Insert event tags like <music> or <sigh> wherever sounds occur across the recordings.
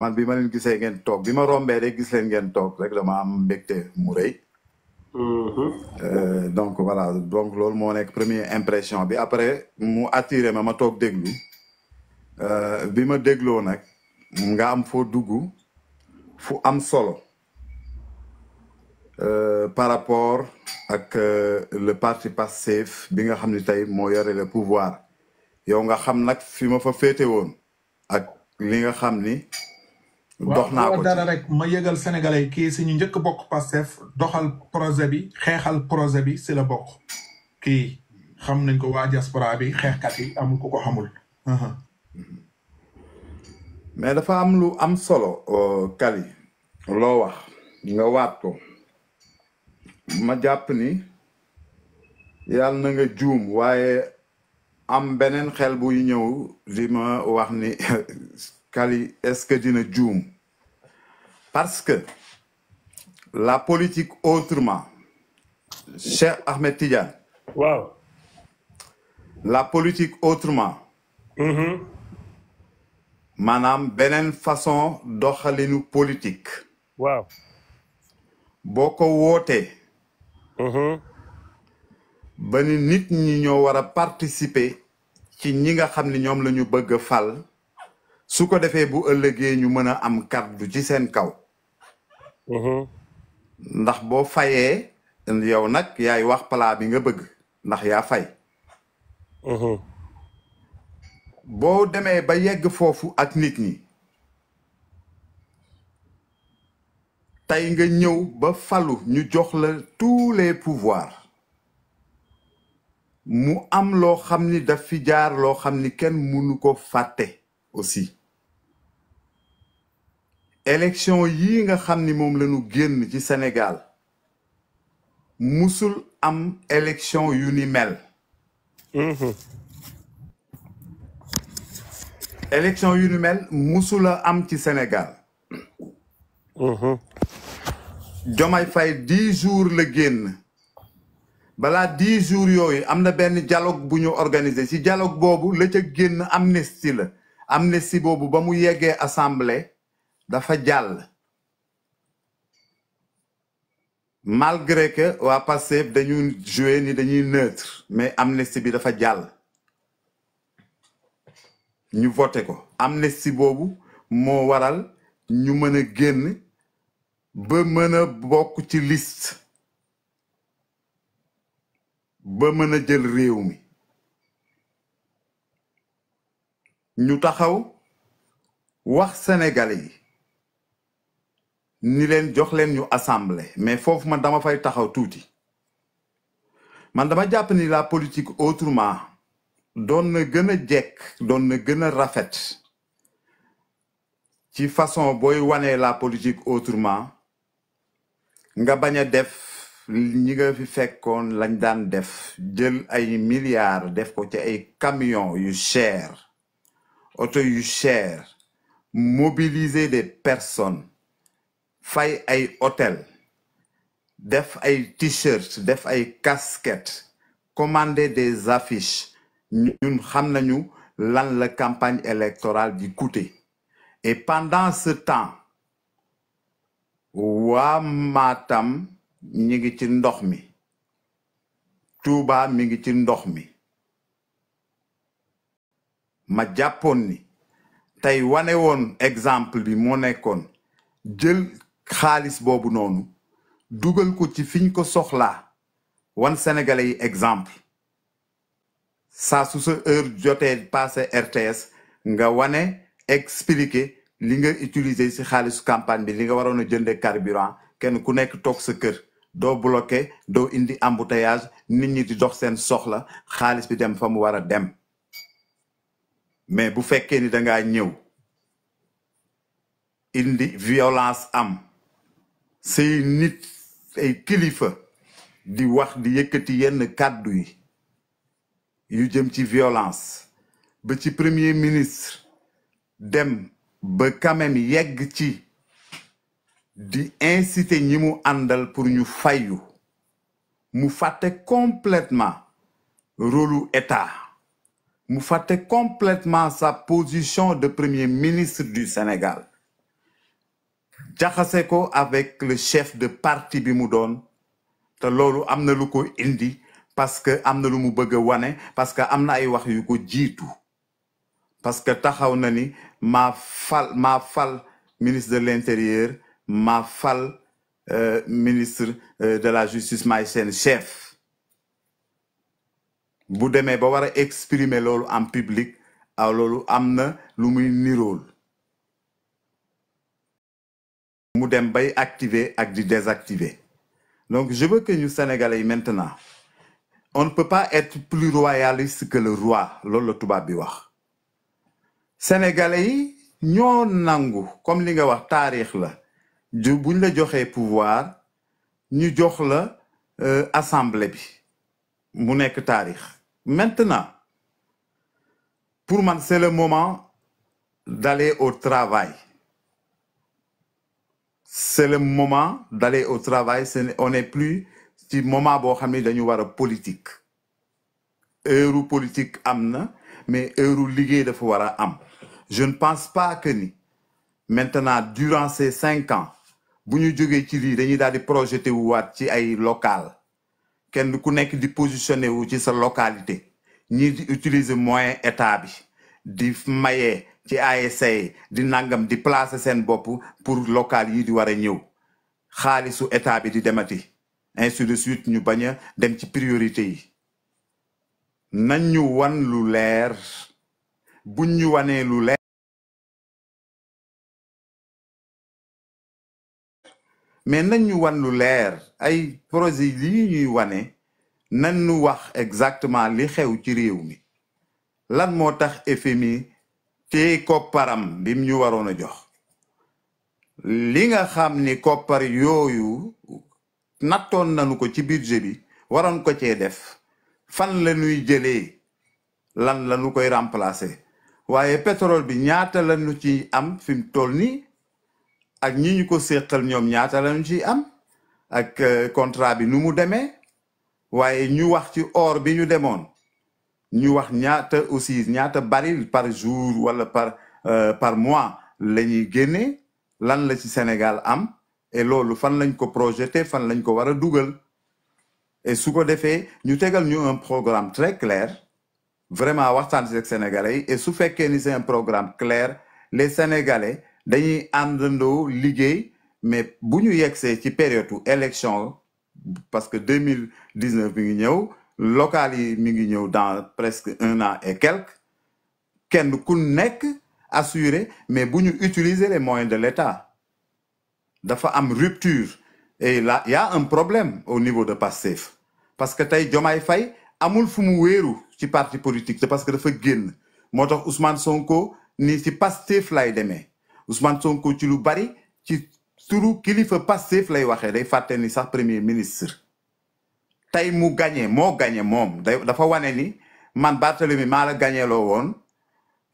man bi ma leen gisee ngeen toog bi ma rombee rek gis ngeen toog rek dama am mbégte mu rëy. Mhm. Euh, donc voilà donc loolu moo nekk premier impression bi après mu attiré ma ma toog déglu euh, bi ma dégloo nag nga am foo dugg fu am solo euh, par rapport ak le parti Pastef bi nga xam ni tey moo yore le pouvoir yow nga xam nag fi ma fa féete woon ak li nga xam ni. dox naa ko dara rek ma yegal sénégalais yi kii si ñu njëkk bokk Pastef doxal projet bi xeexal projet bi sila bokk kii xam nañ ko waa diaspora bi xeexkat yi amul ku ko xamul. mais dafa am lu am solo. Euh, Kali loo wax nga waat ko ma jàpp ni yàlla na juum waaye am beneen xeel bu ñëw di wax ni. <laughs> Kali est-ce que dina juum parce que la politique autrement Cheikh Ahmed Tidiane waaw la politique autrement mm maanaam beneen façon doxalinu politique waaw boo ko wootee mm-hmm. ba ni nit ñi ñoo war a participer ci ñi nga xam ni ñoom lañu ñu bëgg a fal su ko defee bu ëllëgee ñu mën a am kàddu ci seen kaw. Mm-hmm. ndax boo fayee yow nag yaay wax plat bi nga bëgg ndax yaa fay. Mm-hmm. boo demee ba yegg foofu ak nit ñi. tey nga ñëw ba falu ñu jox la tous les pouvoirs mu am loo xam ni daf fi jaar loo xam ni kenn mënu ko fàtte aussi élection yii nga xam ni moom lañu génn ci Sénégal musul am élection yu ni mel mhm. élection yu ni mel musula am ci Sénégal mhm. Diomaye Faye dix jour la génn bala dix jours yooyu am na benn dialogue bu organisé ci dialogue boobu la ca génn amnistie la amnistie boobu ba mu yeggee assemblée dafa jàll malgré que waa Pastef dañu joué ni dañuy neutre mais amnistie bi dafa jàll ñu voté ko am amnistie boobu moo waral ñu mën a génn ba mën bokk ci liste ba mën a jël réew mi ñu taxaw wax sénégalais yi ni leen jox leen ñu assemblée mais foofu man dama fay taxaw tuuti man dama jàpp ni la politique autrement doon na gën a jekk doon na gën a rafet ci façon booy wanee la politique autrement nga bañ a def ñi fekkoon lañ daan def jël ay milliards def ko ci ay camions yu cher oto yu cher mobiliser des personnes fay ay hôtel def ay t-shirt def ay casquette commander des affiches ñun xam nañu lan la campagne électorale di coûter et pendant ce temps waa Matam ñi ngi ci ndox mi Touba mi ngi ci ndox mi ma jàppoon ni tey wane woon exemple bi moo nekkoon xaalis boobu noonu dugal ko ci fiñ ko soxla wan sénégalais yi exemple saa su sa heure jotee passé RTS nga wane expliquer li nga utiliser ci xaalisu campagne bi li nga waroon a jëndee carburant kenn ku nekk toog sa kër doo bloqué doo indi embouteillage nit ñi di dox seen soxla xaalis bi dem fa mu war a dem mais bu fekkee ni dangaa ñëw indi violence am say nit ay kilifa di wax di yëkkati yenn kàddu yi yu jëm ci violence ba ci premier ministre dem ba quand même yegg ci di inciter ñi mu àndal pour ñu fayu mu fàtte complètement rôlu état mu fàtte completement sa position de premier ministre du Sénégal jaxase ko avec le chef de partie bi mu doon te loolu am na lu ko indi parce que am na lu mu bëgg a wane parce que am na ay wax yu ko jiitu parce que taxaw na ni maa fal maa fal ministre de l'intérieur maa fal euh, ministre euh, de la justice maay seen chef bu demee ba war a exprimer loolu en public a loolu am na lu muy nirool mu dem bay activer ak di désactiver donc je veux que ñu sénégalais yi maintenant on ne peut pas être plus royaliste que le roi loolu la tubaab bi wax sénégalais yi ñoo nangu comme li nga wax taarix la ju buñ la joxee pouvoir ñu jox la euh, assemblée bi mu nekk taarix maintenant pour man c'est le moment d'aller au travail c'est le moment d'aller au travail on n'est plus ci moment boo xam ne dañu war a politique heure politique am na mais heure liggéey dafa war a am je ne pense pas que ni maintenant durant ces cinq ans bu ñu jógee ci lii dañuy daal di projeté wu waat ci ay local kenn ku nekk di positionné wu ci sa localité ñii di utiliser moyen état bi di maye ci ASC di nangam di placer seen bopp pour local yii di war ñëw xaalisu état bi di demati ainsi de suite ñu bañ a dem ci priorité yi nañ ñu wan lu leer buñ ñu wanee lu leer mais nañ ñu wan lu leer ay projet lii ñuy wane nan ñu wax exactement li xew ci réew mi lan moo tax FMI ci kopparam bim ñu waroon a jox li nga xam ni koppar yooyu nattoon nañu ko ci budget bi waroon ko cee def fan la ñuy jëlee lan la koy remplacer waaye pétrole bi ñaata la ci am fi toll nii ak ñi ñu ko séqal ñoom ñaata la ñu am ak euh, contrat bi nu mu demee waaye ñu wax ci or bi ñu demoon ñu wax ñaata aussi ñaata baril par jour wala par euh, par mois la ñuy génnee lan la ci Sénégal am et loolu fan lañ ko projeté fan lañ ko war a dugal et su ko defee ñu tegal ñu un programme très clair vraiment waxtaan si ak sénégalais yi su fekkee ni c'est un programme clair les sénégalais dañuy àndandoo liggéey mais bu ñu yegsee ci période élection parce que deux mille dix-neuf bi ngi ñëw local yi mi ngi ñëw dans presque un an et quelque kenn ku nekk assuré mais bu ñu utiliser les moyens de l'État dafa am rupture et là y un problème au niveau de Pastef parce que tey Diomaye fay amul fu mu wéeru ci parti politique te parce que dafa génn moo tax Ousmane Sonko ni ci Pastef lay demee Ousmane Sonko ci lu bari ci turu kilifa Pastef lay waxee day fàtte ni sax premier ministre tey mu gañe moo gañe moom dafa wane ni man Barthélemy maa la gañeloo woon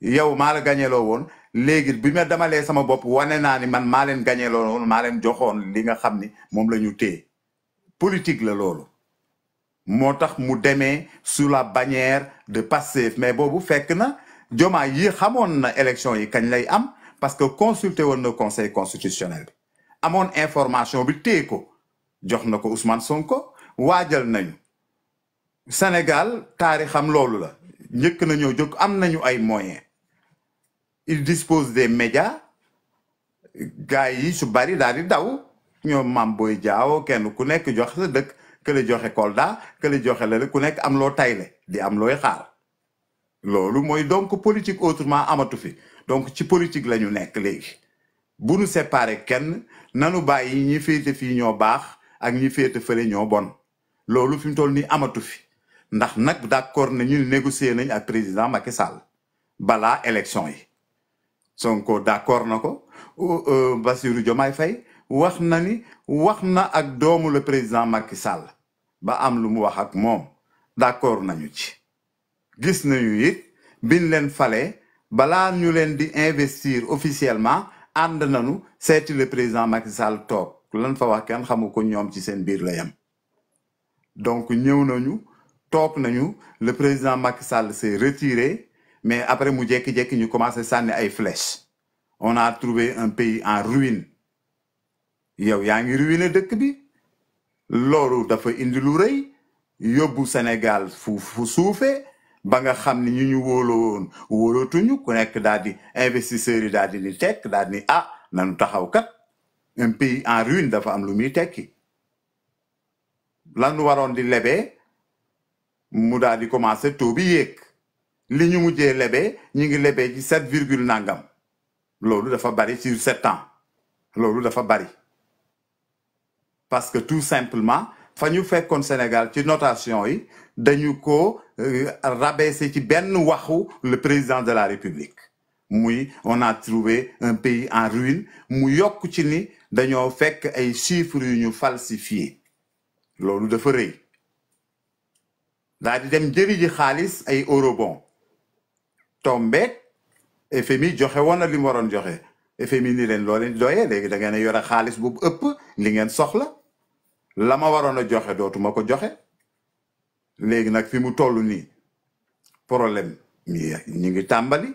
yow maa la gañeloo woon léegi bi ma demalee sama bopp wane naa ni man maa leen gañeloo woon maa leen joxoon li nga xam ni moom la ñu téye politique la loolu moo tax mu demee sous la bannière de Pastef mais boobu fekk na jomaa yi xamoon na élection yi kañ lay am parce que consulté woon na conseil constitutionnel amoon information bi téye ko jox na ko Ousmane Sonko waajal nañu Sénégal xam loolu la njëkk na ñoo jóg am nañu ay moyen il dispose des médias gars yi su bari daal di daw ñoom maam booy jaaw kenn ku nekk joxe sa dëkk kële joxe Kolda kële joxe la ku nekk am loo tayle di am looy xaar loolu mooy donc politique autrement amatu fi donc ci politique la ñu nekk léegi bu nu séparé kenn nanu bàyyi ñi féete fii ñoo baax ak ñi féete fële ñoo bon loolu fi mu toll nii amatu fi ndax nag d'accord nañu négocier nañ ak président Macky Sall balaa élection yi Sonko d'accord na ko euh, Bassirou Diomaye Faye wax na ni wax na ak doomu le président Macky Sall ba am lu mu wax ak moom d'accord nañu ci gis nañu it biñ leen fale balaa ñu leen di investir officiellement ànd nañu seeti le président Macky Sall toog lan fa wax kenn xamu ko ñoom ci seen biir la yem donc ñëw nañu toog nañu le président Macky Sall s'est retirer mais après mu jékki-jékki ñu commencé sànni ay flèches on a trouver un pays en ruine yow yaa ngi ruiné dëkk bi loolu dafa indi lu yóbbu Sénégal fu fu suufee ba nga xam ni ñu ñu wóoloo woon wóolootuñu ku nekk daal di investisseurs yi daal di ni tekk daal di ni ah nanu taxaw kat un pays en ruine dafa am lu muy tekki lan waroon di lebee mu daal di commencé taux bi yéeg li ñu mujjee lebee ñu ngi lebee ci sept virgule nangam loolu dafa bari sur sept ans loolu dafa bari parce que tout simplement fa ñu fekkoon Sénégal ci notation yi dañu ko euh, rabaisser ci benn waxu le président de la République muy on a trouvé un pays en ruine mu yokk ci ni dañoo fekk ay chiffres yu ñu falsifié loolu dafa rëy daa di dem jëri ji xaalis ay eurobond tombeek FMI joxe woon na li mu waroon joxe FMI ni leen loo leen doyee léegi da ngeen a yore xaalis bu ëpp li ngeen soxla la ma waroon a joxe dootuma ko joxe léegi nag fi mu toll nii problème mi ñu ngi tàmbali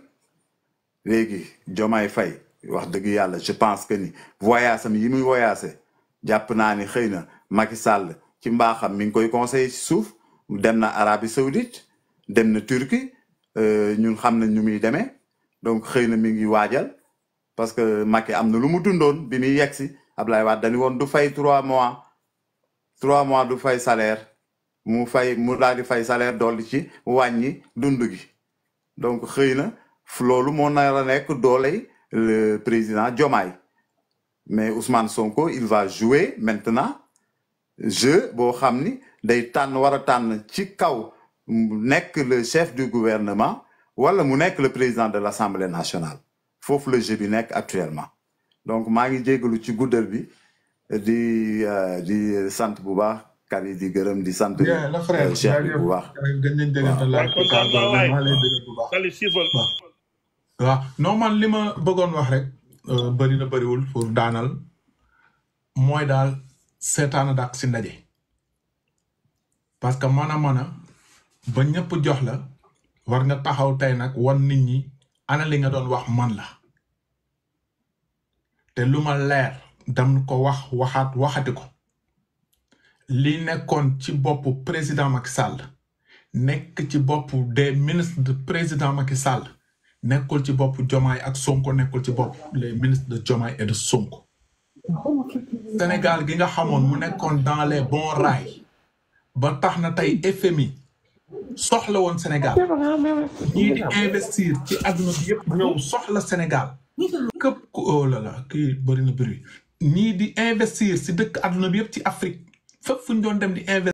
léegi Jomaay Fay wax dëgg yàlla je pense que ni voyage am yi muy voyagé jàpp naa ni xëy na Macky Sall ci mbaaxam mi ngi koy conseillé ci suuf dem na Arabie Saoudite dem na Turquie euh, ñun xam nañ ñu muy demee donc xëy na mi ngi waajal parce que Macky am na lu mu dundoon bi muy yegg si Abdoulaye Wade dañu woon du fay trois mois trois mois du fay salaire mu fay mu daal fay salaire dolli ci wàññi dund gi donc xëy na loolu moo nar a nekk dooley le président Diomaye mais Ousmane Sonko il va jouer maintenant jeu boo xam ni day tànn war a tànn ci kaw nekk le chef du gouvernement wala mu nekk le président de l'Assemblée nationale foofu le jeu bi nekk actuellement donc maa ngi jégalu ci guddal bi di euh, sant bu baax kari di gërëm di sant. Euh, chef bi bu baax. waaw non man li ma bëggoon wax rek. Euh, bëri na pour daanal mooy daal. seetaan dàq si ndaje parce que mën a mën ba ñëpp jox la war nga taxaw tey nag wan nit ñi ana li nga doon wax man la te lu ma leer dam ko wax waxaat waxati ko li nekkoon ci boppu président Macky Sall nekk ci bopp des ministres de président Macky Sall nekkul ci bopp Diomaye ak Sonko nekkul ci bopp les ministres de Diomaye et de Sénégal gi nga xamoon mu nekkoon dans les bon rails ba tax na tey FMI soxla woon Sénégal ñii di investir ci adduna bi yëpp ñëw soxla Sénégal këpp ku oh la la kii bëri na bruit ñii di investir si dëkk adduna bi yëpp ci Afrique fépp fu ñu dem di investir